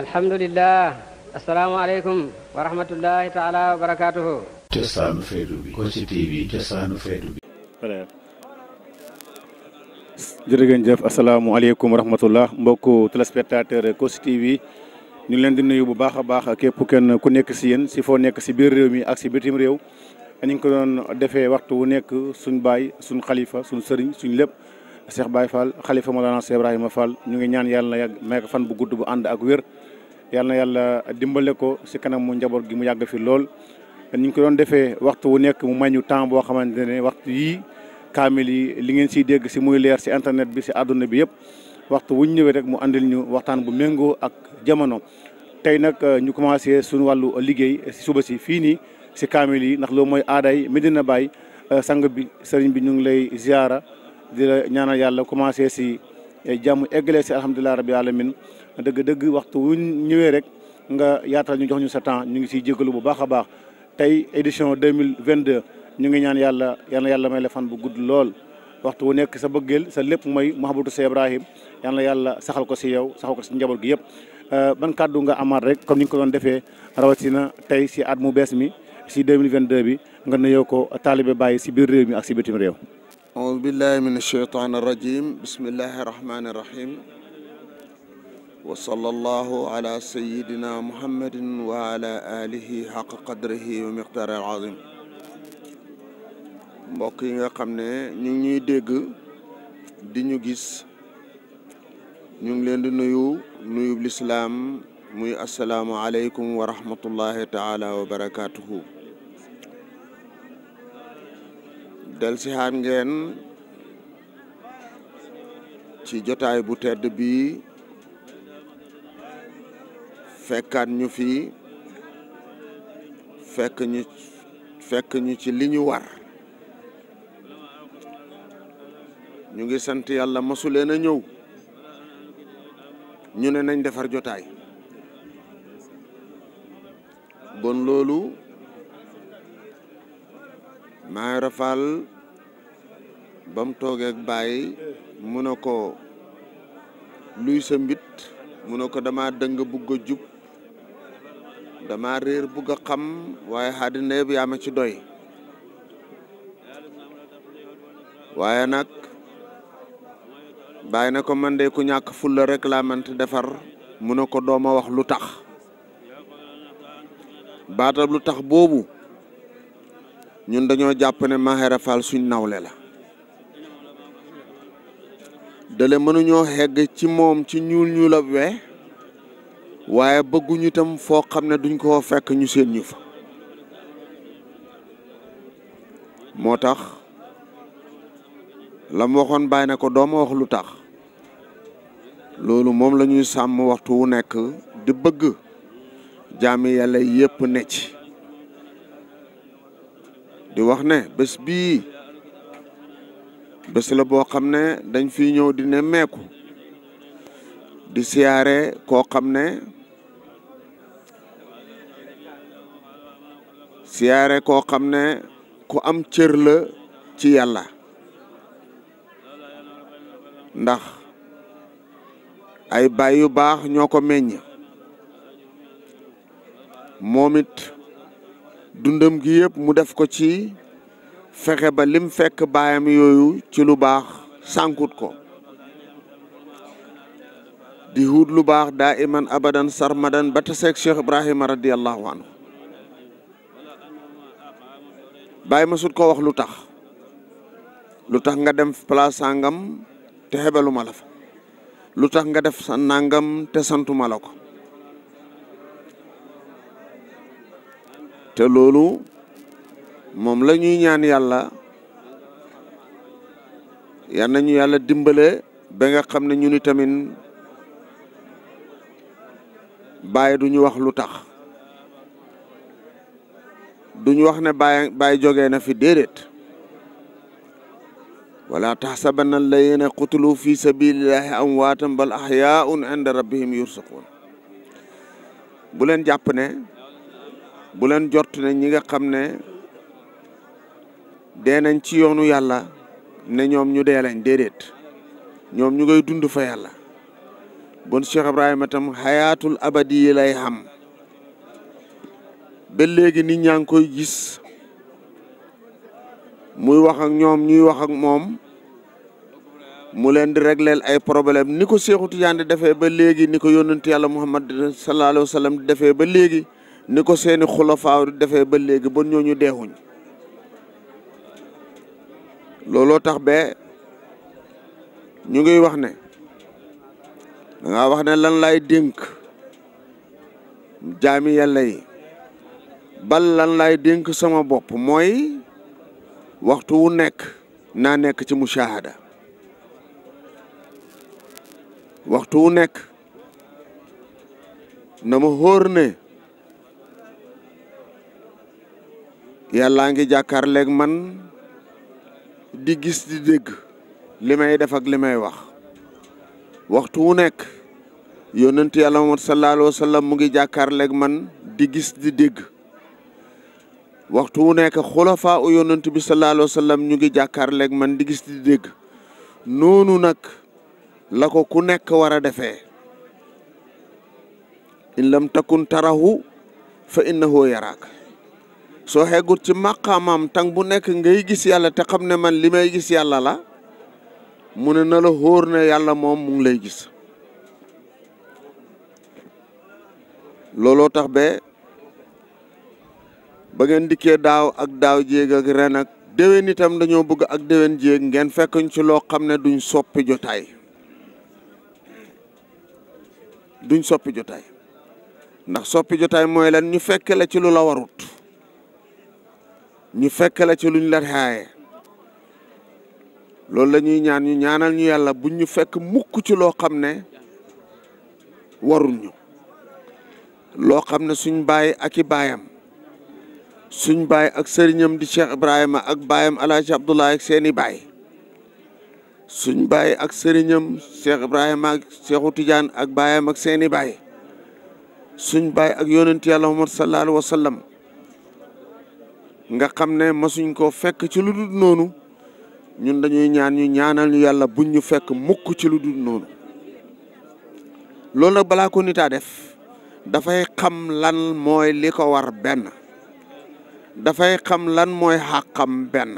alhamdulillah Assalamualaikum, warahmatullahi wa rahmatullahi taala wabarakatuh TV cosaanu feetu jërëgën wa rahmatullah TV ñu leen di nuyu bu baax a baax mi ak si bitim réew ñu ngi ko doon defee waxtu wu nekk suñ baay suñ xalifa suñ sëriñ suñ lépp Cheikh Baye Fall xalifa Cheikh Ibrahima Fall ñu ngi ñaan yàlla na may fan bu gudd bu ànd ak wér yal na yàlla dimbale ko si kanam mu njaboot gi mu yàgg fi lool ni ñu ko doon defee waxtu wu nekk mu may ñu temps boo xamante ne waxtu yii kaamil yi li ngeen siy dégg si muy leer si internet bi si àdduna bi yëpp waxtu wuñ ñëwee rek mu andil ñu waxtaan bu méngoo ak jamono. tey nag euh, ñu commencé suñu wàllu liggéey si suba si fii nii si kaamil yi ndax loolu mooy aaday Medina Baye euh, sang bi sëriñ bi ñu ngi lay ziara di la ñaanal yàlla commencé si euh, jàmm eggale si alhamdulilah rabbi alamin dëgg-dëgg waxtu wuñ ñëwee rek nga yaatal ñu jox ñu sa temps ñu ngi siy jégalu bu baax a baax tey édition deux mille vingt deux ñu ngi ñaan yàlla yal na yàlla may la bu gudd lool. waxtu wu nekk sa bëggeel sa lépp mooy Mahaboutou Seye Ibrahim yal na yàlla saxal ko si yow saxal ko si njaboot gi yëpp euh, ban kàddu nga amaat rek comme ni ñu ko doon defee rawatina tey si at mu bees mi si deux mille vingt deux bi nga nuyoo ko taalibe bàyyi si biir réew mi ak si bitim réew. wa sallallahu ala sayyidina muhammadin wa ala alihi qadrihi wa miqdaar al azim mbokk yi nga xam ne ñu ngi ñuy dégg di ñu gis ñu ngi leen di nuyu nuyu lislaam muy asalaamu aleykum wa rahmatullahi wa barakaatuhu del si xaat ngeen ci jotaay bu tedd bii fekkaat ñu fii fekk ñu fekk ñu ci li ñu war ñu ngi sant yàlla masuleen a ñëw ñu ne nañ defar jotaay bon loolu maay rafal ba mu toogeek bàyyi mu ne ko luy sa mbit mu ne ko dama dëng bugg a jub dama réer bugg a xam waaye xaadi ndeeb ci doy waaye nag bàyyi na ko man de ku ñàkk fulla rek laa mënti defar mu ne ko dooma wax lu tax baatab lu tax boobu ñun dañoo jàpp ne Mahera Fall suñ nawle la dale mënuñoo xegg ci moom ci ñuul ñuul ab we waaye bëgguñu itam foo xam ne duñ ko fekk ñu seen ñu fa moo tax lam waxoon bàyyi na ko dooma wax lu tax loolu moom lañuy sàmm waxtu wu nekk di bëgg jaami yàlla yépp ne ci di wax ne bés bii bés la boo xam ne dañ fi ñëw di ne meeku di siyaare koo xam ne siyaare koo xam ne ku am cër la ci yàlla ndax ay baay yu baax ñoo ko meññ moom it dundam gi yëpp mu def ko ci fexe ba lim fekk baayam yooyu ci lu baax sànkut ko di huut lu baax daa iman abadan sarmadan ba taseeg Cheikh Ibrahima radiallahu anhu bàyyi ma sut koo wax lu tax lu tax nga dem place sàngam te xebalu la fa lu tax nga def sa nangam te santu la ko te loolu moom la ñuy ñaan yàlla yal nañu yàlla dimbale ba nga xam ne ñu ni tamit bàyyi du ñu wax lu tax duñ wax ne Baye Baye jógee na fi déedéet wala taxsabanna alladina qutilu fi sabilillahi amwaatan bal ahyaun inda rabbihim yursaquun bu leen jàpp ne bu leen jort ne ñi nga xam ne dee nañ ci yoonu yàlla ne ñoom ñu dee lañ ñoom ñu ngay dund fa yàlla bon Cheikh Ibrahima tam xayaatul abadi lay xam ba léegi ni ñaa ngi koy gis muy wax ak ñoom ñuy wax ak moom mu leen di régleel ay problème ni ko Seexu Tijaan di defee ba léegi ni ko yónnent yàlla Muhammad sallallahu alayhi wa sallam di defee ba léegi ni ko seeni xulafaaw di defee ba léegi ba ñooñu deexuñ looloo tax be ñu ngi wax ne da ngaa wax ne lan lay dénk jaami yàlla bal lan lay denk sama bop moy waxtu wu nek na nek ci mushahada waxtu wu nek na horne yalla ne jakar ngi man di gis di deg limay def ak limay wax waxtu wu nek yonent yalla Muhammad sallallahu alaihi wasallam mu ngi man di gis di deg waxtu wu nekk xulafaa u yonent bi sallallahu alayhi wa sallam ñu ngi jàkkaarleeg man di gis di dégg noonu nag la ko ku nekk war a defee in lam takun tarahu fa innahu yaraak soo xeggut ci maqaamaam tang bu nekk ngay gis yàlla te xam ne man li may gis yàlla la mu ne na la ne yàlla moom mu ngi lay gis tax be ba ngeen dikkee daaw ak daaw jéeg ak ren ak déwén itam dañoo bëgg ak déwén jéeg ngeen fekkuñ ci loo xam ne duñ soppi jotaay duñ soppi jotaay ndax soppi jotaay mooy lan ñu fekk la ci lu la warut ñu fekk la ci luñ la xaaye loolu la ñuy ñaan ñu ñaanal ñu yàlla buñ ñu fekk mukk ci loo xam ne warul ñu loo xam ne suñ baay ak i baayam suñ baay ak sëriñam di Cheikh Ibrahima ak baayam Alaaji Abdoulaye ak seeni baay suñ baay ak sëriñam Cheikh Ibrahima ak ak baayam ak seeni baay suñ baay ak yonent yàlla Muhammad sallallahu alayhi nga xam ne masuñ koo fekk ci lu dul noonu ñun dañuy ñaan ñu ñaanal ñu yàlla buñ ñu fekk mukk ci lu dul noonu loolu nag balaa ko nitaa def dafay xam lan mooy li ko war benn dafay xam lan mooy xàqam benn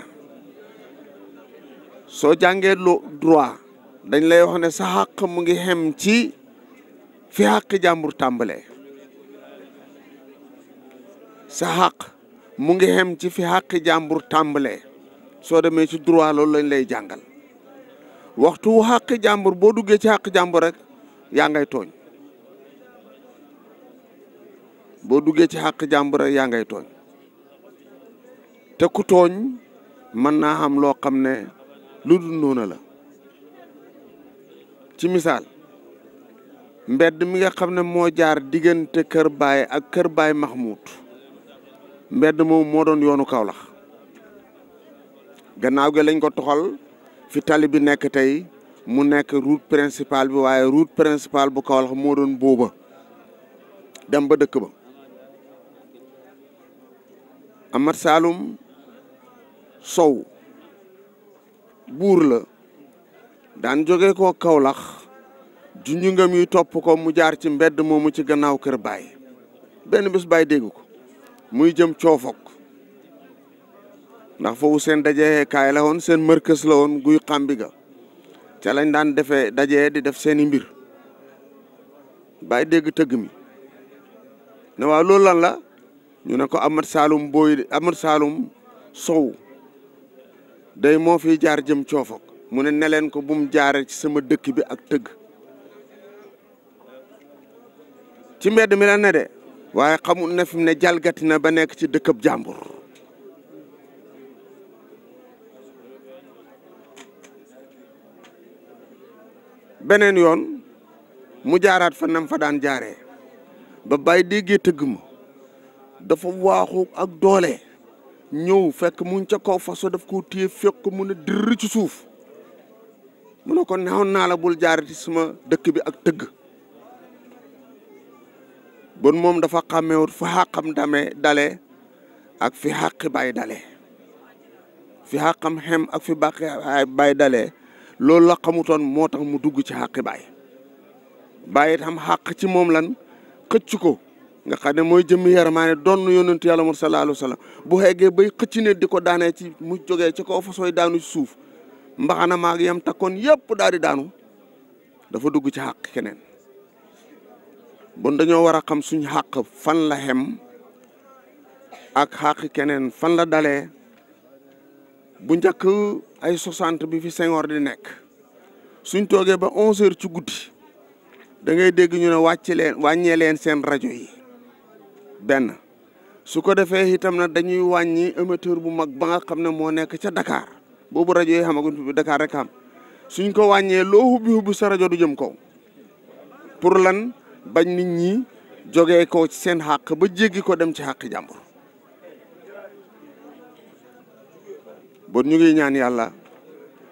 soo jàngee lu droit dañ lay wax ne sa xàq mu ngi xem ci fi xàqi jàmbur tàmbalee sa mu ngi xem ci fi xàqi jàmbur tàmbalee soo demee ci droit loolu lañ lay jàngal waxtu wu xàqi jàmbur boo duggee ci xàqi jàmbur rek yaa ngay tooñ boo duggee ci xàq jàmbur rek yaa ngay tooñ te ku tooñ mën naa am loo xam ne lu dul noona la ci missaal mbedd mi nga xam ne moo jaar diggante kër baay ak kër baay Mahmoud mbedd moom moo doon yoonu Kaolack gannaaw gi lañ ko toxal fi tali bi nekk tey mu nekk route principale bi waaye route principal bu Kaolack moo doon booba dem ba dëkk ba Amat Saloum sow buur la daan jóge koo Kawlax junju ngam yi topp ko mu jaar ci mbedd moomu ci gannaaw kër baay benn bés baay dégg ko muy jëm coofok ndax foofu seen dajee kaay la woon seen mërkës la woon guy xàmbi ca lañ daan defe dajee di def seeni mbir baay dégg tëgg mi ne waaw loolu lan la ñu ne ko Amat Saalum booy Amat Saalum Sow day moo fi jaar jëm coofok mu ne ne leen ko bum jaaree ci sama dëkk bi ak tëgg ci mbedd mi la ne de waaye xamul na fi mu ne jalgati na ba nekk ci dëkkab jàmbur beneen yoon mu jaaraat fa nam fa daan jaare ba bàyyi déggee tëgg ma dafa waaxu ak doole ñëw fekk mu ca kaw faso daf koo téye fekk mu ne dërr ci suuf mu ne ko neexoon naa la bul jaarati suma dëkk bi ak tëgg bon moom dafa xàmmewut fa xàqam dame dale ak fi xàqi bay dale fi xàqam xem ak fi bàqi bay dale loolu la xamutoon moo tax mu dugg ci xàqi bay bàyyi tam xàq ci moom lan xëcc ko nga xane moy jëm jëmmi donu doon yalla yàlla sallallahu alaihi wasallam bu hege bay xëcc diko daane ko ci mu joge ci kaw fasooy daanu ci suuf mbaxana maag yam takkon yépp daal daanu dafa dugg ci haq keneen bon dañoo wara xam suñu haq fan la hem ak haq keneen fan la dalé bu njëkk ay 60 bi fi Senghor di nek suñ toge ba 11 heures ci guddi da ngay dégg ñu ne wàcce leen wàññee leen seen rajo yi benn su ko defee itam na dañuy wàññi émetteur bu mag ba nga xam ne moo nekk ca Dakar boobu rajo yi xamaguñ fi Dakar rek am suñ ko wàññee loo hubbi hubbi sa rajo du jëm kaw pour lan bañ nit ñi jógee ko ci seen xàq ba jéggi ko dem ci xàq jàmbur bon ñu ngi ñaan yàlla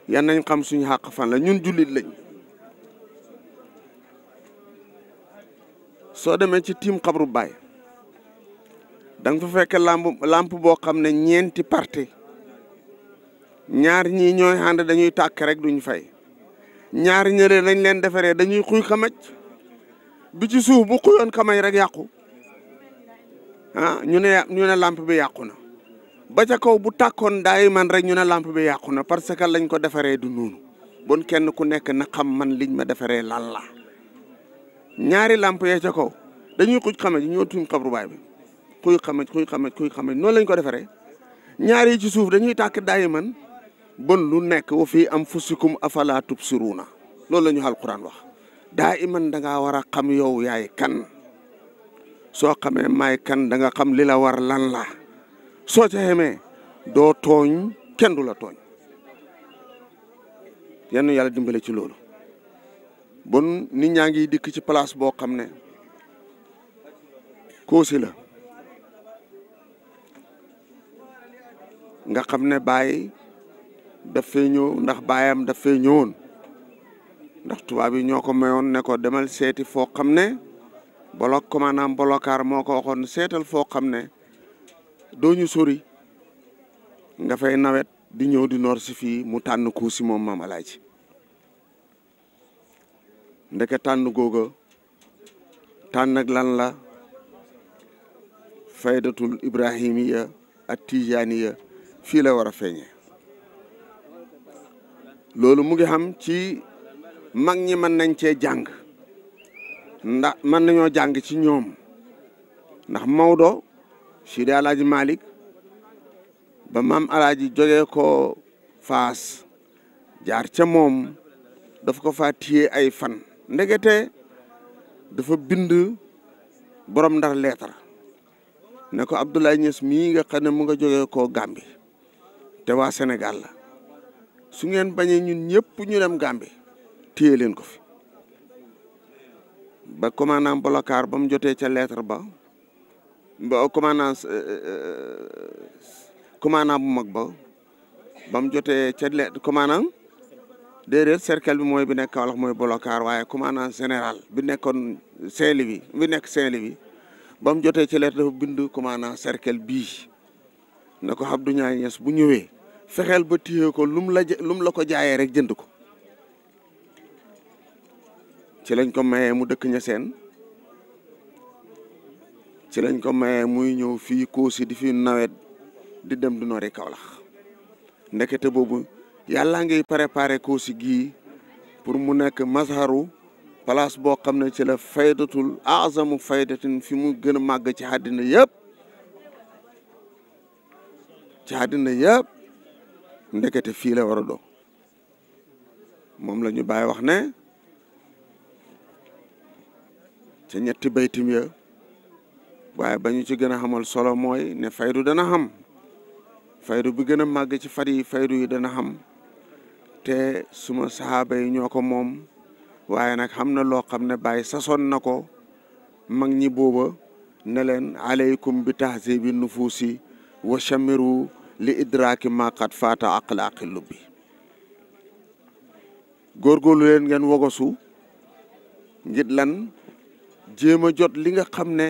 yan nañ xam suñu xàq fan la ñun jullit lañ soo demee ci tiim xabru baay da nga fa fekk làmp boo xam ne ñeenti parti ñaar ñii ñooy ànd dañuy tàkk rek duñ fay ñaar ñële nañ leen defaree dañuy xuy xamaj bi ci suuf bu xuyoon xamaj rek yàqu ah ñu ne ñu ne làmp bi yàqu na ba ca kaw bu tàkkoon daay man rek ñu ne làmp bi yàqu na parce que lañ ko defaree du noonu bon kenn ku nekk na xam man liñ ma defaree lan la ñaari làmp yee ca kaw dañuy xuj xamaj ñoo tuñ xabru baay bi kuy xamaj kuy xamaj kuy xamaj noonu lañ ko defaree ñaar ci suuf dañuy tàkk daayi man bon lu nekk wa fii am fusikum afala tubsiruuna loolu lañu ñu alquran wax daa iman da ngaa war a xam yow yaay kan soo xamee maay kan danga xam li la war lan la soo ca xamee doo tooñ kenn du la tooñ yenn yàlla dimbale ci loolu bon nit ñaa ngi dikk ci place boo xam ne koosi la nga xam ne Baye daf ñëw ndax baayam daf fee ñëwoon ndax tubaab yi ñoo ko mayoon ne ko demal seeti foo xam ne bolok ko maanaam bolokaar moo ko waxoon seetal foo xam ne doo ñu sori nga fay nawet di ñëw di noor si fii mu tànn kuu si moom maam ndeke tànn googa tànn lan la faydatul ibrahimiya ak tijaaniya fi la wara a lolou mu ngi xam ci mag ñi man nañ ci jang ndax man nañu jang ci ñom ndax mawdo Sidi Alaaji Malik ba mam Alaaji jógee ko fas, jaar ca mom daf ko fa téye ay fan ndegete dafa bind borom ndar lettre ne ko Abdoulaye Niass mi nga xane mu nga jógee ko gambie te waa Sénégal la su ngeen bañe ñun ñepp ñu dem Gambie téye leen ko fi ba commandant blocar bam mu ci lettre ba ba commandant euh, euh commandant bu mag ba bam mu ci lettre commandant déedéet cercle bi mooy bi nekk wax mooy blocar waaye commandant général bi nekkoon Saint-Louis bi nekk Saint-Louis bam ba ci lettre dafa bind commandant cercle bii nako Abdou nyaay Niass bu ñëwee fexel ba tiyé ko lum la lum la ko jaayé rek jënd ko ci lañ ko mayé mu dëkk ñaseen ci lañ ko mayé muy ñëw ko ci di fi nawet di dem du noré Kaolack ndekete bobu yalla ngi préparé ci gi pour mu nekk mazharu place bo xamné ci la faydatul azamu faydatin fi mu gëna mag ci hadina yépp ci àddina yëpp ndekete fii la war a doo moom la ñu bàyyi wax ne ca ñetti baytim ya waaye ba ñu ci gën a xamal solo mooy ne faydu dana xam faydu bi gën a màgg ci far yi yi dana xam te suma saxaaba yi ñoo ko moom waaye nag xam na loo xam ne bàyyi sasoon na ko mag ñi booba ne leen aleykum bi tahzibi nufuusi wa chamiru li idraaki maqat faata aqla aqillu bi góorgóorlu leen ngeen wogosu ngir lan jéem a jot li nga xam ne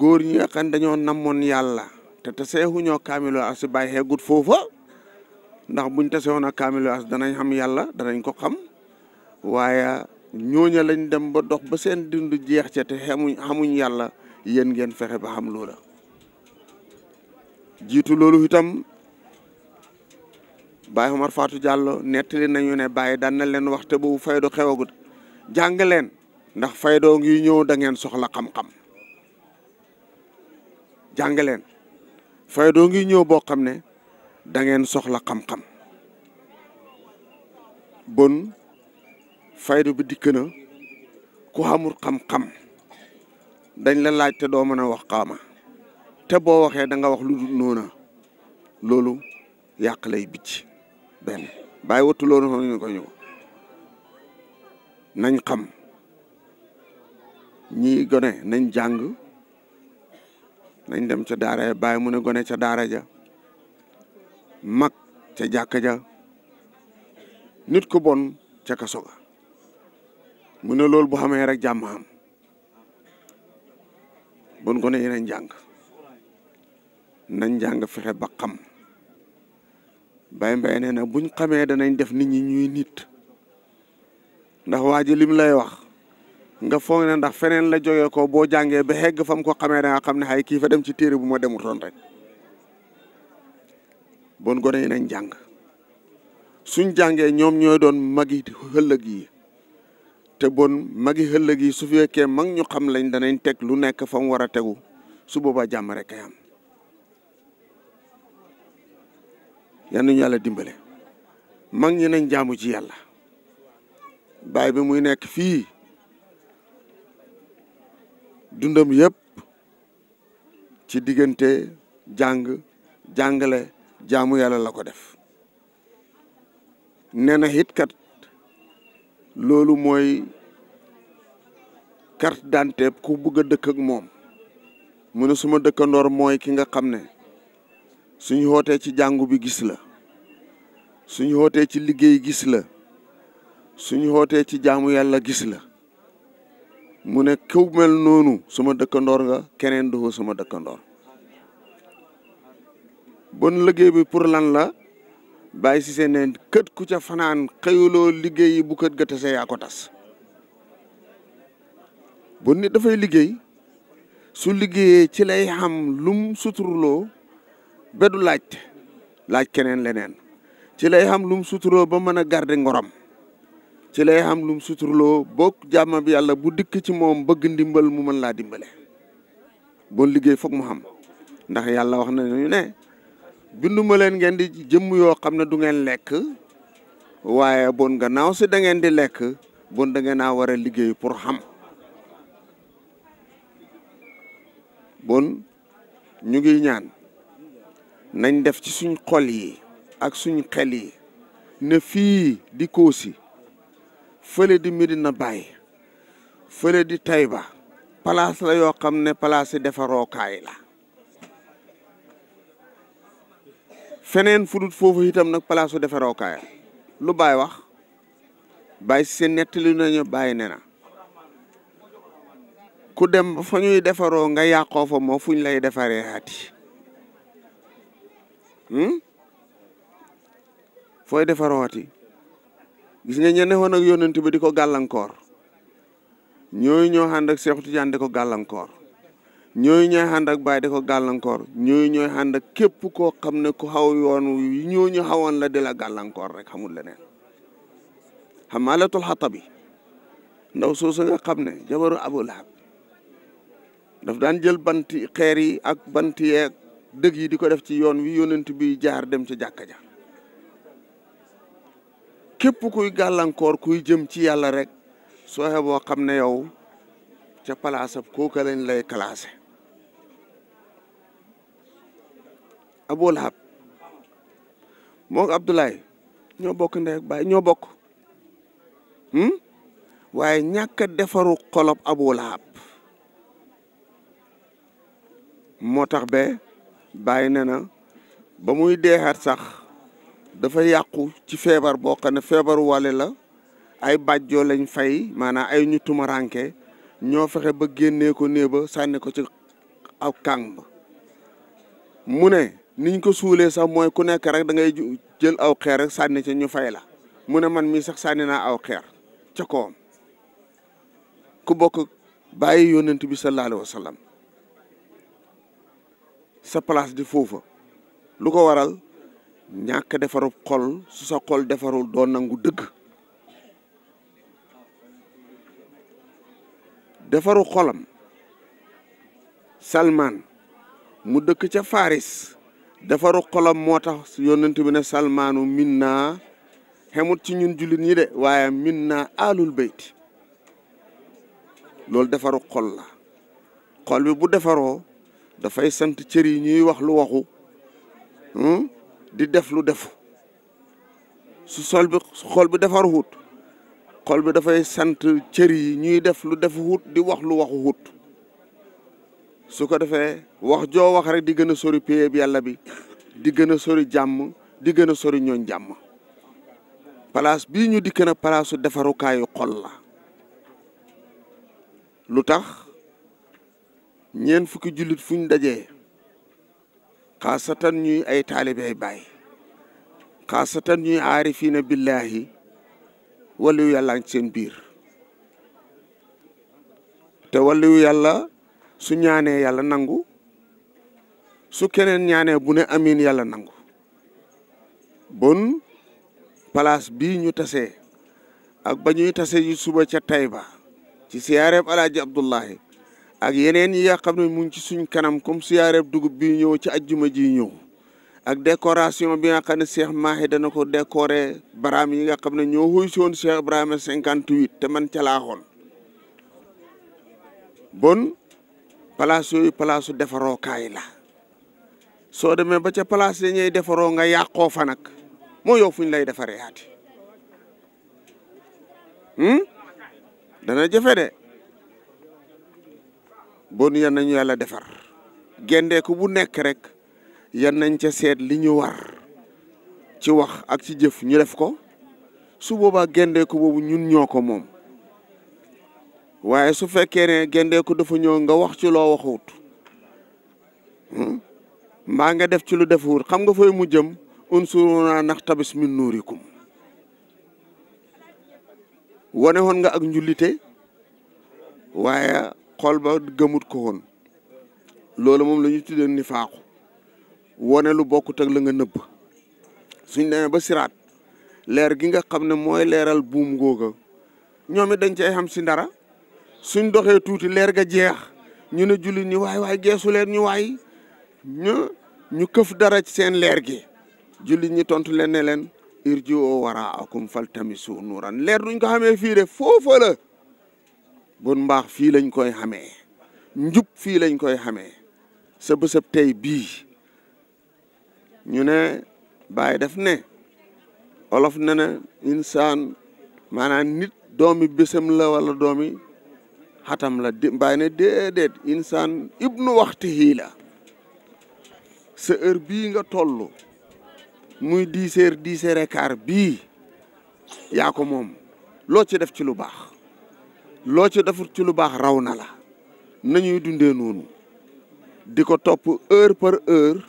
góor ñi nga xam dañoo namoon yàlla te taseexuñoo kaamilo as si bàyyi xeegut foofa ndax buñ tasewoon a kaamilo as danañ xam yàlla danañ ko xam waaye ñooña lañ dem ba dox ba seen dund jeex ca te xamuñ xamuñ yàlla yéen ngeen fexe ba xam loola jiitu loolu itam Baye Omar Fatou Diallo nettali nañu ne Baye daan na leen wax te boobu faydo xewagut jàng leen ndax faydoo ngi ñëw da soxla xam-xam faydoo ngi ñëw boo xam ne da ngeen soxla xam-xam bon faydo bi dikk na ku xamul xam-xam dañ la laaj te doo mën wax xaama te boo waxee danga wax lu dul noona loolu yàq lay bicc benn bàyyi wattu loolu ñu ko ñu ko nañ xam ñii gone nañ jàng nañ dem ca daara ya bàyyi mu ne gone ca daara ja mag ca jàkka ja nit ku bon ca kaso ga mu ne loolu bu xamee rek jàmm am bon gone yi nañ jàng nañ jàng fexe ba xam Baye Mbaye nee na buñ xamee danañ def nit ñi ñuy nit ndax waa ji lim lay wax nga foog ne ndax feneen la jógee ko boo jàngee ba xegg fam ko xamee da nga xam ne xay kiifa dem ci téere bu ma demutoon rek bon gone yi nañ jàng suñ jàngee ñoom ñooy doon magi xëllëg yi te bon magi xëllëg yi su fekkee mag ñu xam lañ danañ teg lu nekk fa mu war a tegu su boobaa jàmm rek yan ñu yàlla dimbale mag ñi nañ jaamu ci yàlla baay bi muy nekk fii dundam yépp ci diggante jàng jàngale jaamu yàlla la ko def nee na it kat loolu mooy carte dante ku bëgg a dëkk ak moom mu ne suma dëkkandoor mooy ki nga xam ne suñu xootee ci jàngu bi gis la suñu xootee ci liggéey gis la suñu xootee ci jaamu yàlla gis la mu ne këw mel noonu suma dëkkandoor nga keneen du sama dëkkandoor bon liggéey bi pour lan la bàyyi si seen kët ku ca fanaan xëyuloo liggéey bu kët ga tase yaa ko tas bon nit dafay liggéey su liggéeyee ci lay xam lum suturuloo ba du laajte laaj keneen leneen ci lay xam lum suturoo ba mën a garder ngorom ci lay xam lum suturloo bokk jàmm bi yàlla bu dikk ci moom bëgg ndimbal mu mën laa dimbale bon liggéey foog mu xam ndax yàlla wax nañu ne binduma leen ngeen di jëmm yoo xam ne du ngeen lekk waaye bon gannaaw si dangeen di lekk bon da ngeen a liggéey pour xam bon ñu ngi ñaan nañ def ci suñ xol yi ak suñ xel yi ne fii di Kossy fële di Medina bàyyi fële di ba place la yoo xam ne place yi defarookaay la feneen fudut foofu itam nag palaasu su defarookaay lu Baye wax Baye si seen nettali nañu bàyyi ne na ku dem fa ñuy defaroo nga yàqoo fa moo fuñ lay defaree ati Hmm? fooy defarooti gis nga ñenn woon ak yonent bi di ko gàllankoor ñooyu ñoo ànd ak Seexu Tijaan di ko gàllankoor ñooyu ñooy ànd ak Baay di ko gàllankoor ñooyu ñooy ànd ak képp koo xam ne ku xaw yoon wi ñooñu xawoon la di la gàllankoor rek xamul leneen Xamaalatul Xatabi ndaw soosu nga xam ne jabaru Abu Lahab daf daan jël banti xeer ak banti yeeg dëgg yi di ko def ci yoon wi yonent bi jaar dem ci jàkka ja képp kuy gàllankoor kuy jëm ci yàlla rek soo xeboo xam ne yow ca palaasab kooka lañ lay classé Abu moo moog Abdoulaye ñoo bokk ndey baay ñoo bokk hmm? waaye ñàkk a defaru xolob Abu moo tax ba bàyyi ne na ba muy deexaat sax dafa yàqu ci feebar boo xam ne feebaru wàlle la ay bàjjoo lañ fay maanaam ay ñu tumaranke ñoo fexe ba génnee ko néeg ba sànni ko ci aw kàng ba mu ne niñ ko suulee sax mooy ku nekk rek dangay ngay jël aw xeer rek sànni ca ñu fay la mu ne man mii sax sànni naa aw xeer ca kawam ku bokk bàyyi yonent bi sallallahu alayhi wa sa place di foofa lu ko waral ñàkk defaru xol su sa xol defarul doon nangu dëgg defaru xolam salmaan mu dëkk ca faaris defaru xolam moo tax yonent bi ne salmaanu min naa xemut ci ñun jullit ñi de waaye min naa alul bayt loolu defaru xol la xol bi bu defaroo dafay sant cër yi ñuy wax lu waxu hmm, di def lu defu su sol bi xol bi defar wut xol bi dafay sant cër yi ñuy def lu defu wut di wax lu waxu wut su ko defee wax joo wax rek di gën a sori bi yàlla bi di gën a sori jàmm di gën a sori ñooñ jàmm place bii ñu dikk na palaasu defarukaayu xol la lu tax ñeent fukki jullit fu ñu dajee xaasatan ñuy ay taalibey baay xaasatan ñuy aarifiina billaahi waliyu yàlla ngi seen biir te waliyu yàlla su ñaanee yàlla nangu su keneen ñaanee bu ne amiin yàlla nangu bon palaas bi ñu tasee ak ba ñuy tase yi suba ca Tayba ci siyaareeb Alaaji Abdullahi ak yeneen yi nga xam ne mu ngi ci suñ kanam comme siyaareeb dugub bi ñëw ci ajjuma ji ñëw ak décoration bi nga xam ne Cheikh Mahi dana ko décorer baraam yi nga xam ne ñoo xuy soon Cheikh Ibrahima cinquante huit te man ca laa xool bon place yooyu place defaroo kaay la soo demee ba ca palace yi defaroo nga yàqoo fa nag moo yow fuñ lay defaree yaati hmm? dana jafe de. bon yan nañu yàlla defar gendeeku bu nekk rek yan nañ ca seet li ñu war ci wax ak ci jëf ñu def ko su boobaa gendeeku boobu ñun ñoo ko moom waaye su fekkee ne gendeeku dafa ñëw nga wax ci loo waxut hmm, mbaa nga def ci lu defuwut xam nga fooy mu jëm unsuruna naqtabis min nuurikum wane woon nga ak njullite waaye xool ba gëmut ko woon loolu moom la ñu tuddee ni faaxu wane lu bokkut ak la nga nëbb suñ demee ba siraat leer gi nga xam ne mooy leeral buum googa ñoom it dañ cay xam si dara suñ doxee tuuti leer ga jeex ñu ne jullit ñi waay waay geesu leen ñu waay ñu ñu këf dara ci seen leer gi julli ñi tontu leen ne leen irji'u waraakum faltamisu nuuran leer duñ ko xamee fii de foofa bun mbaax fii lañ koy xamee njub fii lañ koy xamee sa tey bii ñu ne bàyyi def ne olof ne na insaan maanaam nit doomi bésam la walla doomi xatam la di bàyyi ne déedéet insaan ibnu waxtihi la sa bii nga toll muy dix heures dix heures bii yaa ko moom loo ci def ci lu baax lo ci defut ci lu bax raw na la nañuy dundé nonu diko top heure par heure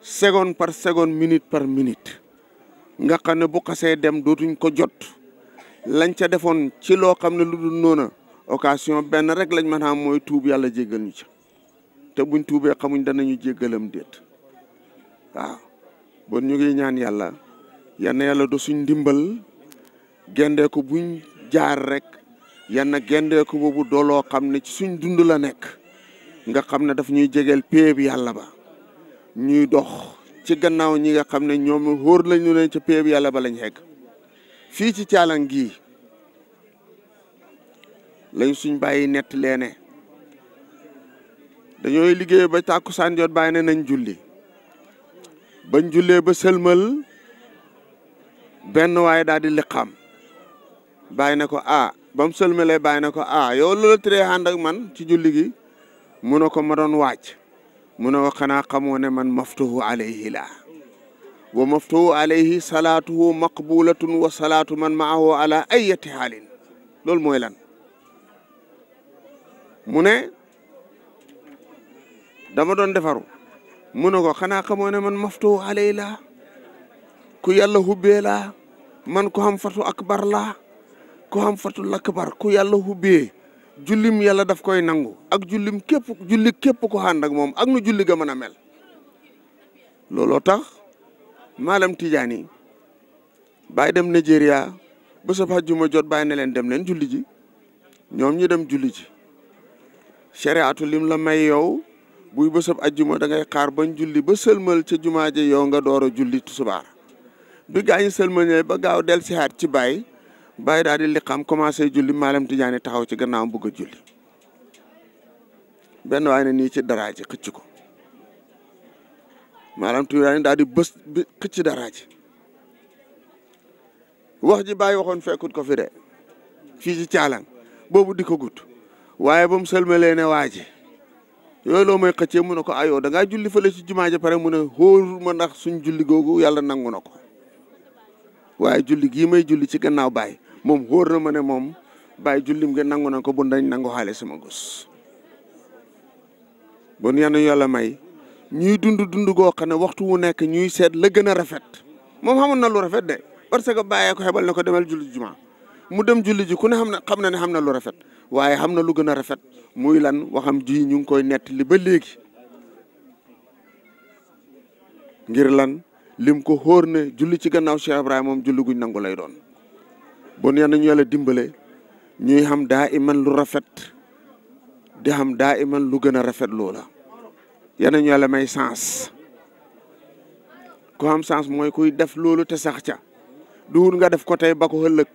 seconde par seconde minute par minute nga xane bu xasse dem dotuñ ko jot lañ ca defoon ci lo xamne lu dul nona occasion ben rek lañ mën a am mooy tuub yalla jéggal ñu ci te buñ tuubee xamuñ danañu jéggalam déet waaw bon ñu ngi ñaan yalla yalla yalla do suñ dimbal ko buñ jaar rek yan na gendeeku boobu dooloo xam ne ci suñ dund la nekk nga xam ne daf ñuy jegeel péeb yàlla ba ñuy dox ci gannaaw ñi nga xam ne ñoom wóor lañu ne ca péeb yàlla ba lañ xegg fii ci caalan gii lañ suñ bàyyi nett leene dañooy liggéey ba tàkku jot bàyyi ne nañ julli bañ jullee ba sëlmal benn waaye daal di liqaam bàyyi ne ko aa ah, ba mu sëlmalee bàyyi ko ah yow loola tëree ànd ak man ci julli gi mu ne ko ma doon wàcc mu ne ko xanaa xamoo ne man maftuhu alayhi la wa maftuhu alayhi salaatuhu maqbulatun wa salaatu man maahu ala ayati xaalin loolu mooy lan mu ne dama doon defaru mu ne ko xanaa xamoo ne man maftuhu alayhi la ku yàlla hubbee laa man ko xam fatu akbar laa ku am fatul akbar ku yàlla hubbee jullim yàlla daf koy nangu ak jullim képp julli képp ko ànd ak moom ak nu julli ga mën a mel looloo tax maalam tijaani bàyyi dem Nigeria ba sa àjjuma jot bàyyi ne leen dem leen julli ji ñoom ñu dem julli ji chariatu lim la may yow buy a ajjuma da ngay xaar bañ julli ba sëlmal ci jumaa ji yow nga door a julli tusubaar bi gaañu sëlmal ba gaaw del si xaat ci baay bàyyi daal di liqaam commencé julli maalam tijaani taxaw ci gannaawam bëgg a julli benn waay ne nii ci daraa ji xëcc ko maalam tijaani daal di bës bi xëcc daraa ji wax ji bàyyi waxoon fekkut ko fi de fii ci caalaan boobu di ko gut waaye ba mu sëlmalee ne waa ji yooyu loo may xëccee mu ne ko ayoo da ngaa julli fële ci jumaa ja pare mu ne xóorul ma ndax suñ julli googu yàlla nangu na ko waaye julli gii may julli ci gannaaw baay moom wóor na ma ne moom bàyyi jullim nga nangu na ko bu dañ nangu xaale sama gos bon yanu yàlla may ñuy dund dund goo xam ne waxtu wu nekk ñuy seet la gën a rafet moom xamoon na lu rafet de parce que bàyyee ko xebal ne ko demal julli juma mu dem julli ji ku ne xam na xam na ne xam na lu rafet waaye xam na lu gën a rafet muy lan waxam ji ñu ngi koy nett li ba léegi ngir lan lim ko xóor ne julli ci gannaaw Cheikh Ibrahima moom julli guñ nangu lay doon bon yal nañu yàlla dimbale ñuy xam daa iman lu rafet di xam daa iman lu gën a rafet loola yal nañu yàlla may sens ku xam sens mooy kuy def loolu te sax ca du nga def ko tey ba ko ëllëg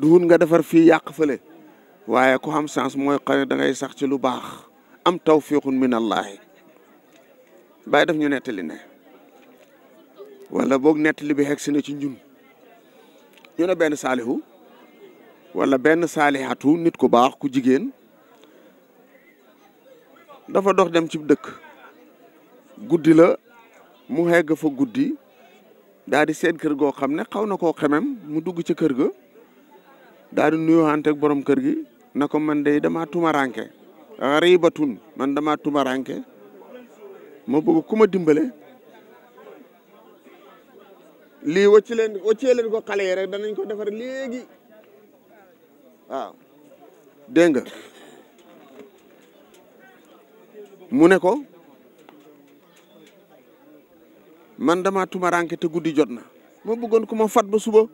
nga defar fii yàq fële waaye ku xam sens mooy xëy da ngay sax ci lu baax am taw tawfiqun min allahi bàyyi def ñu nettali ne wala boog nettali bi xeg si na ci ñun ñu ne benn saalihu walla benn saalihatu nit ku baax ku jigéen dafa dox dem ci dëkk guddi la mu xegg fa guddi daal di seen kër goo xam ne xaw na koo xemem mu dugg ci kër ga daal di nuyuwante ak borom kër gi na ko man de dama tumaranke ribatun man dama tumaranke ma bëgg ku dimbale lii wacci leen leen ko xale yi rek danañ ko defar léegi waaw dégg nga mu ne ko man dama tumaranke te guddi jot na ma bëggoon ku ma fat ba suba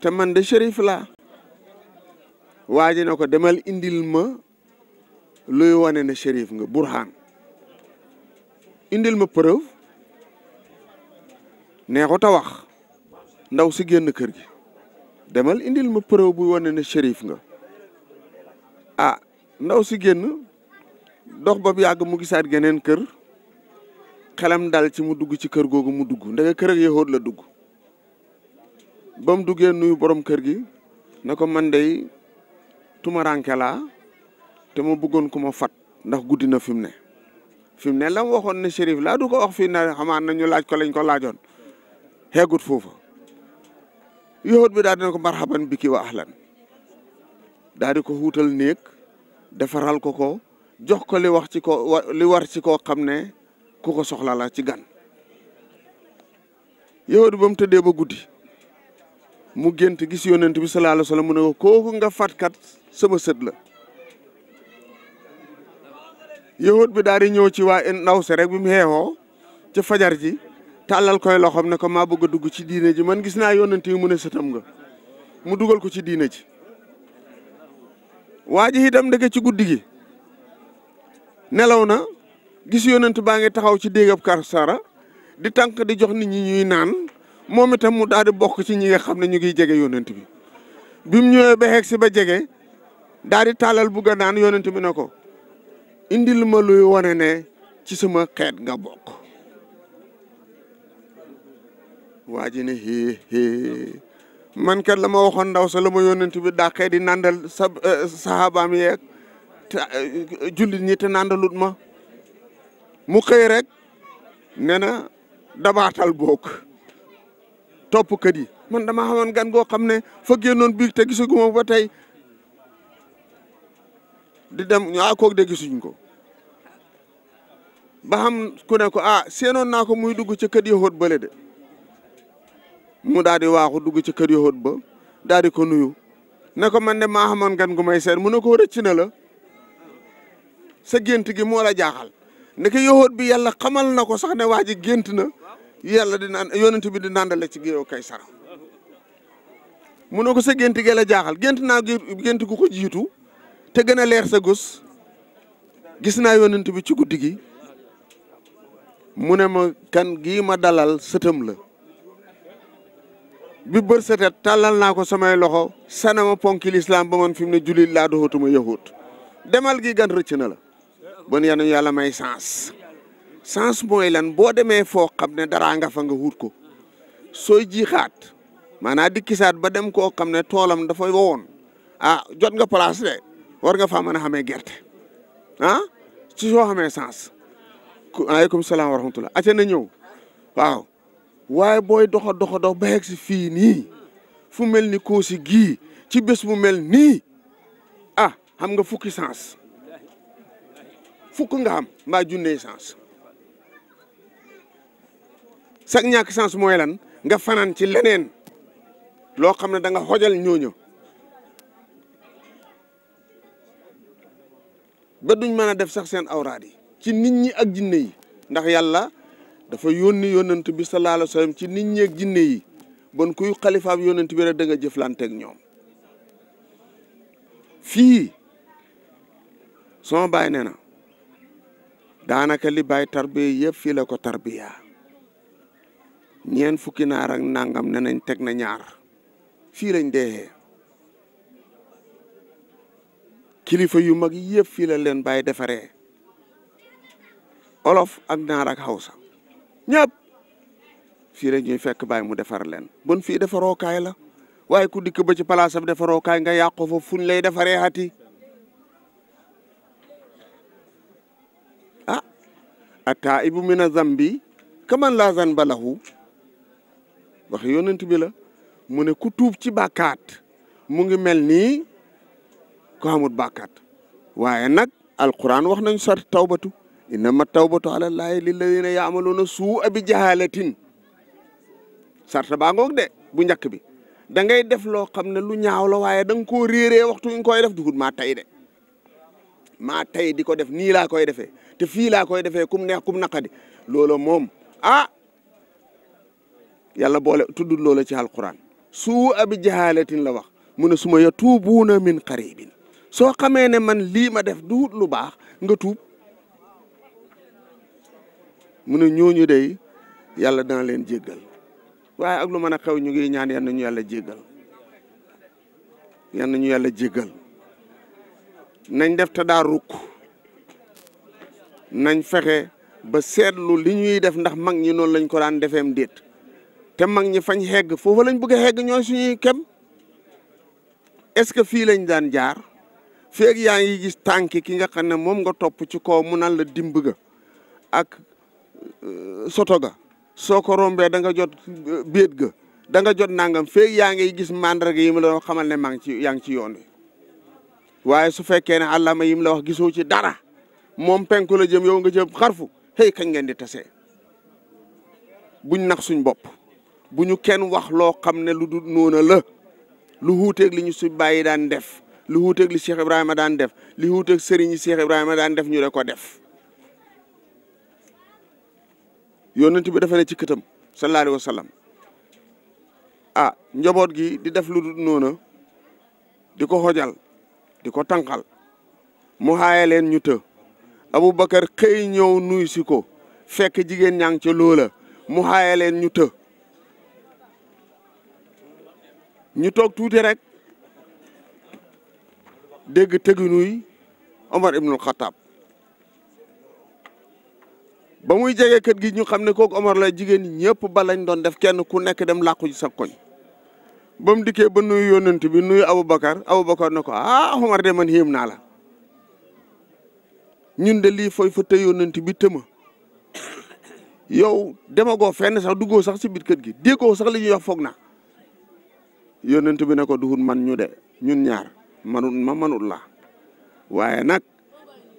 te man de shérif la waa ji ne ko demal indil ma luy wane ne shérif nga burhaan indil ma preuve neexut a wax ndaw si génn kër gi demal indil ma preuve bu wane ne shérif nga ah ndaw si génn dox ba yàgg mu gisaat geneen kër xelam dal ci mu dugg ci kër googu mu dugg ndege kër ak yexóot la dugg ba mu duggee nuyu boroom kër gi ne ko man dey tumaranke laa te ma buggoon ku ma fat ndax guddi na fi mu ne fi ne la mu waxoon ne shérif laa du ko wax fii na xamaan na ñu laaj ko lañ ko laajoon hegut fofu yohot bi dal dina ko marhaban biki wa ahlan dal di ko hutal néeg defaral ko ko jox ko li wax ci ko li war ci ko xamne ne ku ko soxla la ci gan yohot bam tede ba gudi mu gent gis yonent bi sallallahu alaihi wa ne ko kooku nga fatkat sama seut la yohot bi dal di ci wa ndaw se rek bi mu ci fajar ji tàllal koy loxoom ne ko maa bëgg a dugg ci diine ji man gis naa yonent yi mu ne sëtam nga mu dugal ko ci diine ji waa ji itam ndeke ci guddi gi nelaw na gis yonent baa ngi taxaw ci déegab karsara di tànk di jox ni ñi ñuy naan moom itam mu daal di bokk ci ñi nga xam na ñu ngi jege yonent bi bi mu ñëwee ba xeeg si ba jege daal di tàllal bugg a naan yonent bi ne ko indil ma luy wane ne ci sama xeet nga bokk waa ji ne man kat la ma waxoon ndaw sa la ma yónnent bi dàqee di nandal sa eh, sahabaam yeeg te eh, jullit ñi nandalut ma mu xëy rek nee na dabaatal boog toppkat yi man dama xamoon gan goo xam ne fa génnoon biig te gisaguma ba tey di dem ah koog de gisuñ ko ba xam ku ne ko ah seenoon naa ko muy dugg ci kër yi xóot bële de mu daal di waaxu dugg ci kër Yahud ba daal di ko nuyu ne ko man de maa xamoon gan gu may seet mu na ko rëcc na la sa gént gi moo la jaaxal ndeke Yahud bi yàlla xamal na ko sax ne waa ji gént na yàlla di naan yonent bi di nandale ci géew Kaysar mu ne ko sa gént gi a jaaxal gént naa gént gu ko jiitu te gën a leer sa gos gis naa yonent bi ci guddi gi mu ne ma kan gi ma dalal sëtam la bi bër setet tàllal naa ko samay loxo sanama ponki lislaam ba man fi mu ne juli laa doxatuma yahut demal gi gan rëcc na la bon yanu yàlla may sens sens mooy lan boo demee foo xam ne dara nga fa nga wut ko sooy jiixaat maanaam dikkisaat ba dem koo xam ne toolam dafa wowoon a ah, jot nga palaas de war nga fa mën a xamee gerte ah ci soo xamee sens. aleykum salaam wa rahmatulah aca na ñëw waaw. waaye boy doxa doxa dox ba yegg fi ni fu melni ni ci gi ci bes bu mel ah xam nga fukki sens fukk nga am ma junney sens sag ñak sens moy lan nga nyonyo, ci leneen lo xamne da nga xojal ñoño ba duñ mëna def sax seen awradi ci nit ñi ak jinne yi ndax yalla dafa yónni yónnent bi sallallahu alayhi wa ci nit ñeeg jinne yi bon kuy xalifaab yónnent bi rek da nga jëflanteeg ñoom fii sama baay nee na daanaka li baay tarbiya yëpp fii la ko tarbiya ñeen fukki naar ak nangam ne teg na ñaar fii lañ deexee kilifa yu mag yëpp fii la leen baay defaree olof ak naar ak hausa ñëpp fii rek ñuy fekk bàyyi mu defar leen bon fii defarookaay la waaye ku dikk ba ci place am defarookaay nga yàq ko fa fuñ lay defaree xati ah ataibu mina zambi kaman laa zanba lahu wax bila bi mu ne ku tuub ci bàkkaat mu ngi mel nii ko amut bàkkaat waaye nag alquran wax nañ sart tawbatu boo innama tawbatu ala llahi lilladina suu suua bi jahalatin sarta baa ngoog de bu njëkk bi dangay def loo xam ne lu ñaaw la waaye da nga koo réeree waxtu koy def dugut maa tey de ma tey di ko def nii laa koy defee te fii laa koy defee kum neex kum naqadi loola moom ah yàlla boole tuddul loolo ci alquran suu abi jahalatin la wax mu ne su ma yatuubuuna min qaribin soo xamee ne man lii ma def duut lu baax nga tuub mu ne ñooñu day yàlla dana leen jéggal waaye ak lu mën a xew ñu ngi ñaan yan ñu yàlla jéggal yan ñu yàlla jéggal nañ def te daa rukk nañ fexe ba seetlu li ñuy def ndax mag ñi noonu lañ ko daan defeem déet te mag ñi fañ xegg foofu lañ bëgg xegg ñooy suñuy kem est-ce que fii lañ daan jaar feeg yaa ngi gis tànki ki nga xam ne moom nga topp ci kaw mu naan la dimb ga ak sotoga ga soo ko rombee da nga jot eh, beet ga da nga jot nangam feeg ya ngi gis mandra ga yim la xamal ne mang ci yang ci yoon waye su fekke ne àllama yi la wax gisoo ci dara mom penku la jëm yow nga jëm xarfu hey kañ ngeen di tassé buñ nax suñ bop buñu kenn wax lo xamne lu du nona la lu wuuteeg ak liñu su bàyyi daan def lu ak li Cheikh Ibrahima daan def li wuuteeg ak serigne Cheikh Ibrahima daan def ñu rek ko def yonent bi dafa ne ci këtam sallallahu alayhi wa sallam ah njaboot gi di def lu dul noona di ko xojal di ko tànqal mu xaaye leen ñu të Aboubacar xëy ñëw nuy si ko fekk jigéen ñaa ngi ca loola mu xaaye leen ñu të ñu toog tuuti rek dégg tëginuy Omar ibnul Xattaab ba muy jege kër gi ñu xam ne kooku Omar la jigéen ñi ñëpp ba lañ doon def kenn ku nekk dem làqu ji sa koñ ba mu dikkee ba nuyu yónnent bi nuyu Aboubacar Aboubacar ne ko ah Omar de man yéem naa la ñun de lii foy fa te yónnent bi tëma yow demagoo fenn sax duggoo sax si biir kër gi déggoo sax li ñuy wax foog naa yónnent bi ne ko duhun man ñu de ñun ñaar manut ma manut laa waaye nag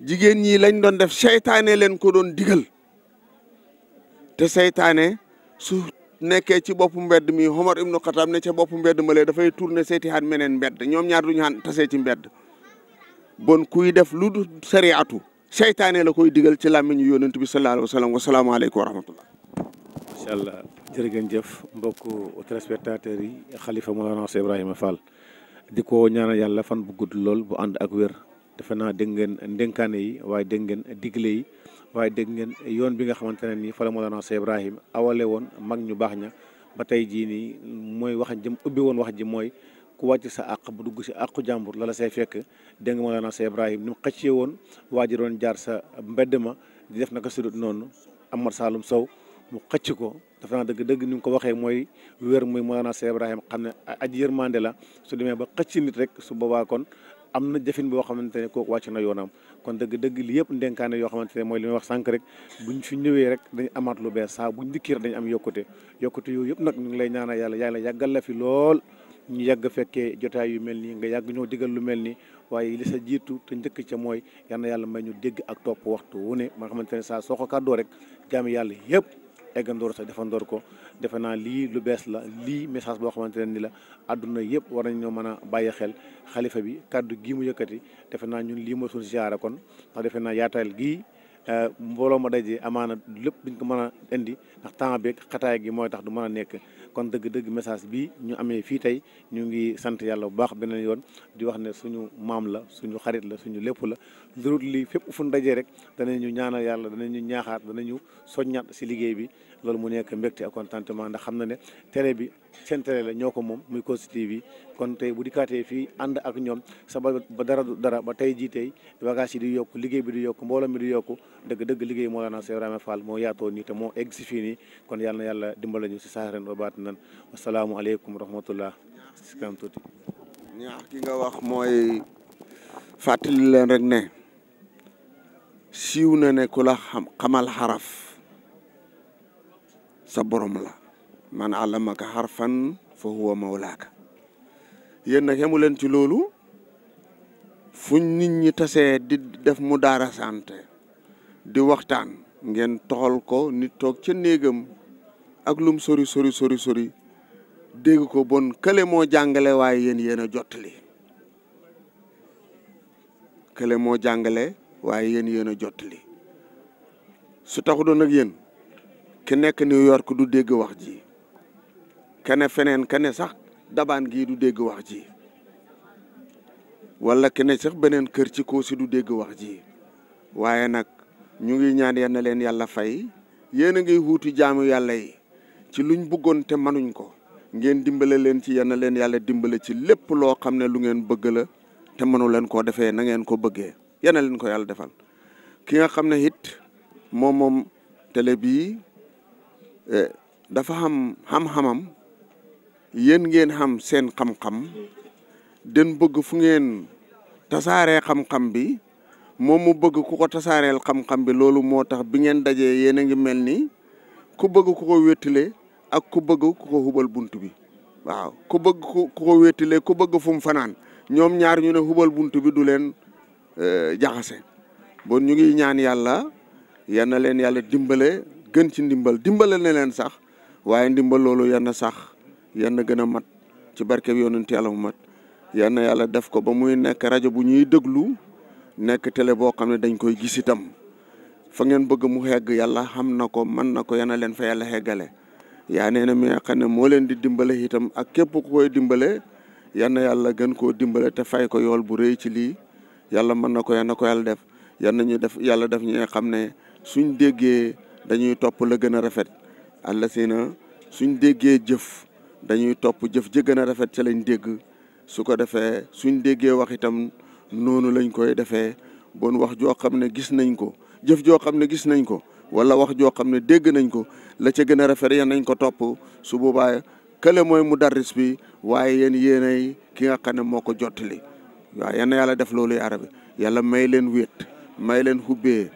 jigéen ñi lañ doon def seytaane leen ko doon digal te seytaane su nekkee ci bopp mbedd mi Omar ibnu Xataab ne ca boppu mbedd ma lee dafay tourner seeti xaan meneen mbedd ñoom ñaar duñu xaan tasee ci mbedd bon kuy def lu du sariatu seytaane la koy digal ci làmmiñu yonent bi sallallahu alayhi wa sallam wa salaamualeykum wa jëf mbokk allah yi xalifa Mawlana Cheikh Ibrahima Fall di ko ñaanal yàlla fan bu gudd lool bu ànd ak wér defe naa dégg ngeen ndénkaane yi waaye dégg ngeen digle yi waaye dégg ngeen yoon bi nga xamante ne nii fa la Mawlana Cheikh Ibrahim awale woon mag ñu baax ña ba tey jii nii mooy wax jëm ubbi woon wax ji mooy ku wàcc sa àq bu dugg si àqu jàmbur la la say fekk dégg nga Mawlana Cheikh Ibrahim ni xëccee woon waa ji doon jaar sa mbedd ma di def naka sudut noonu Amar Saloum Sow mu xëcc ko dafa naa dëgg dëgg ni mu ko waxee mooy weer muy Mawlana Cheikh Ibrahim xam ne aji yërmande la su demee ba xëcc nit rek su boobaa kon am na jëfin boo xamante ne kooku wàcc na yoonam kon dëgg-dëgg li yëpp ndenkaane yoo xamante ne mooy li may wax sànq rek buñ fi ñëwee rek dañ amaat lu bees saa buñ dikkir dañ am yokkute yokkute yooyu yëpp nag ñu ngi lay ñaanal yàlla yàlla yàggal la fi lool ñu yàgg fekkee jotaay yu mel nii nga yàgg ñoo digal lu mel nii waaye li sa jiitu te njëkk ca mooy yal yàlla may ñu dégg ak topp waxtu wu ne ma xamante ne saa soo ko kàddoo rek jaami yàlla yëpp eggandoor sax defandoor ko defe naa lii lu bees la lii message boo xamante ne ni la àdduna yëpp war noo mën a bàyyi xel xalifa bi kàddu gii mu yëkkati defe naa ñun lii mooy suñu ziyaara kon ndax defe naa yaatal gii eh, mbooloo ma dajee amaana lépp duñ ko mën a indi ndax temps beeg xataay gi mooy tax du mën a nekk kon dëgg-dëgg message bi ñu amee fii tey ñu ngi sant yàlla bu baax beneen yoon di wax ne suñu maam la suñu xarit la suñu lépp la lurut lii fépp fu ñu dajee rek ñu ñaana yàlla ñu ñaaxaat danañu soññaat si liggéey bi loolu mu nekk mbégte ak contentement ndax xam na ne télé bi seen télé la ñoo ko moom muy Kossy bi kon tey bu dikkaatee fii ànd ak ñoom sa ba dara dara ba tey jii tey bagage yi di yokk liggéey bi di yokk mbooloo mi di yokk dëgg-dëgg liggéey moo laana Cheikh Ibrahima moo yaatoo nii te moo egg si fii nii kon yàlla yàlla dimbala ñu si saaxiran ba baat nan wasalaamu aleykum wa rahmatullah si kanam tuuti ñaax ki nga wax mooy fàttali leen rek ne siiw na ne ku sa borom la man allamaka harfan fa huwa mawlaaka yéen nag yemu leen ci loolu fuñ nit ñi tasee di def mu daara sante di waxtaan ngeen toxal ko nit toog ca néegam ak lum sori sori sori sori dégg ko bon kële moo jàngale waaye yéen yéen a jottali kële moo jàngale waaye yéen yéen a jottali su taxu doon ak yéen ki nekk New York du dégg wax ji kene feneen kene sax dabaan gii du dégg wax ji wala kene sax beneen kër ci si du dégg wax ji waaye nag ñu ngi ñaan yal leen yàlla fay yéen a ngi wuuti jaamu yàlla yi ci luñ bëggoon te manuñ ko ngeen dimbale leen ci yal leen yàlla dimbale ci lépp loo xam ne lu ngeen bëgg la te mënu leen koo defee na ngeen ko bëggee yal leen ko yàlla defal ki nga xam ne it moom moom télé bii dafa xam xam-xamam yéen ngeen xam seen xam-xam den bëgg fu ngeen tasaare xam-xam bi moom mu bëgg ku ko tasaareel xam-xam bi loolu moo tax bi ngeen dajee yéen a ngi mel ni ku bëgg ku ko wéttile ak ku bëgg ku ko hubal bunt bi waaw ku bëgg ku ko wéttile ku bëgg fu mu fanaan ñoom ñaar ñu ne hubal bunt bi du leen euh, jaxase bon ñu ngi ñaan yàlla yal leen yàlla dimbale gën ci ndimbal dimbalal na leen sax waaye ndimbal loolu yan na sax yan gën a mat ci barke bi yonent yàlla mu mat yan na yàlla def ko ba muy nekk rajo bu ñuy déglu nekk télé boo xam ne dañ koy gis itam fa ngeen bëgg mu xegg yàlla xam na ko mën na ko yana leen fa yàlla xeggale yaa nee na mi nga xam ne moo leen di dimbale itam ak képp ku koy dimbale yan na yàlla gën koo dimbale te fay ko yool bu rëy ci lii yàlla mën na ko yan ko yàlla def yan na ñu def yàlla def ñi nga xam ne suñ déggee dañuy topp la gën a rafet àlla si na suñ déggee jëf dañuy topp jëf ji gën a rafet ca lañ dégg su ko defee suñ déggee wax itam noonu lañ koy defee bon wax joo xam ne gis nañ ko jëf joo xam ne gis nañ ko wala wax joo xam ne dégg nañ ko la ca gën a rafet yan nañ ko topp su boobaa kële mooy mudarris bi waaye yéen yéenay ki nga xam ne moo ko jottali waaw yéen yàlla def loolu arabi yàlla may leen wéet may leen xubbee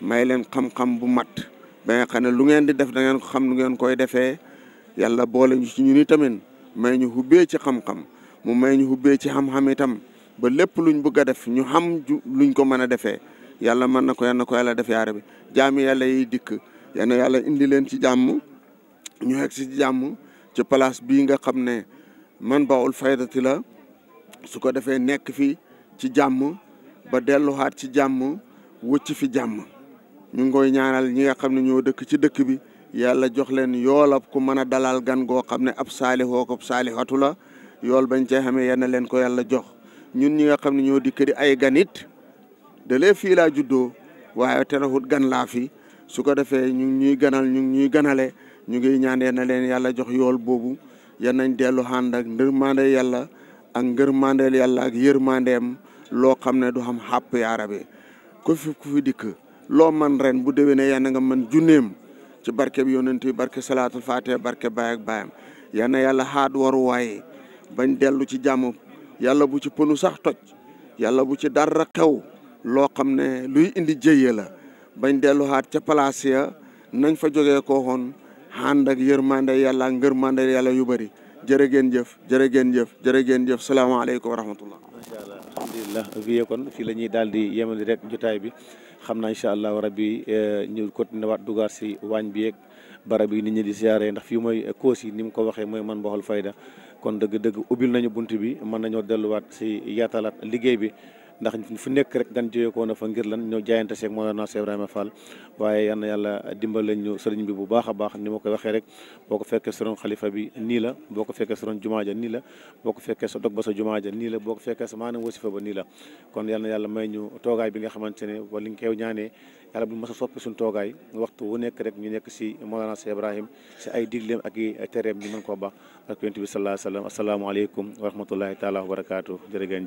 may leen xam-xam bu mat ba nga xam ne lu ngeen di def da ngeen xam lu ngeen koy defee yàlla boole ñu ci ñun itamit may ñu hubbee ci xam-xam mu may ñu hubbee ci xam-xam itam ba lépp luñ bëgg a def ñu xam luñ ko mën a defee yàlla mën na ko yal na ko yàlla def yaara bi jaami yàlla yiy dikk yal na indi leen ci jàmm ñu egg si jàmm ci palace bii nga xam ne man Baol Faydati la su ko defee nekk fi ci jàmm ba delluwaat ci jàmm wucc fi jàmm ñu ngoy ñaanal ñi nga xam ne ñoo dëkk ci dëkk bi yàlla jox leen yoolab ku mën a dalal gan goo xam ne ab saalixoo ko saalixatu la yool bañ cee xamee yenn leen ko yàlla jox ñun ñi nga xam ne ñoo dikkadi ay ganit de lee fii laa juddoo waaye tenaxut gan laa fi su ko defee ñu ñuy gënal ñu ñuy gënale ñu ngi ñaan yenn leen yàlla jox yool boobu yennañ dellu hànd ak ndërmande yàlla ak ngërmandeel yàlla ak yërmandeem loo xam ne du xam xàpp yaara bi ku fi ku fi dikk lo man ren bu déwénee ne na nga man junem ci barke bi yonenti barke salaatul fatih barke bay ak bayam yalla yalla haad war way bañ delu ci jàmm yalla bu ci ponu sax toj yalla bu ci dara xew lo xamne ne luy indi jëye la bañ delu haat ci place ya nañ fa joge ko hon hand ak yermande yalla ak ngërmande yàlla yu bëri jërë jef jëf jërë ngeen jëf jërë ngeen wa rahmatullah macha allah kon fi lañuy daldi yemal rek jotaay bi xam na incha allah wara rabi eh, ñu continué waat dugaar si waañ bi yeeg barab yi nit ñi di ziare ndax fii mooy koos yi ni mu ko waxee mooy man Mbaxol Fayda kon dëgg-dëgg ubbil nañu bunt bi mën nañoo delluwaat si yaatalaat liggéey bi ndax fu nekk rek gan jógeekoo na fa ngir lan ñoo jaayante seeg Mawlana Cheikh Ibrahima Fall waaye yal na yàlla dimbal lañ ñu sëriñ bi bu baax a baax ni ma koy waxee rek boo ko fekkee soroon xalifa bi nii la boo ko fekkee soroon jumaa ja nii la boo ko fekkee sa dog ba sa jumaa ja nii la boo ko fekkee sa maanaam wasifa ba nii la kon yal na yàlla may ñu toogaay bi nga xamante ne wala li nga koy ñaanee yàlla bu ma a soppee suñu toogaay waxtu wu nekk rek ñu nekk si Mawlana Cheikh Ibrahim si ay digleem ak i tereem ñu mën koo baax ak yonent bi sallallahu alayhi asalaamaaleykum wa rahmatullahi taala wa barakaatu jërë ngeen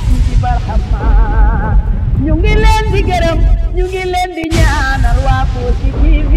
barxama ñu ngi leen di gërëm ñu ngi leen di ñaanal waa Kossy TV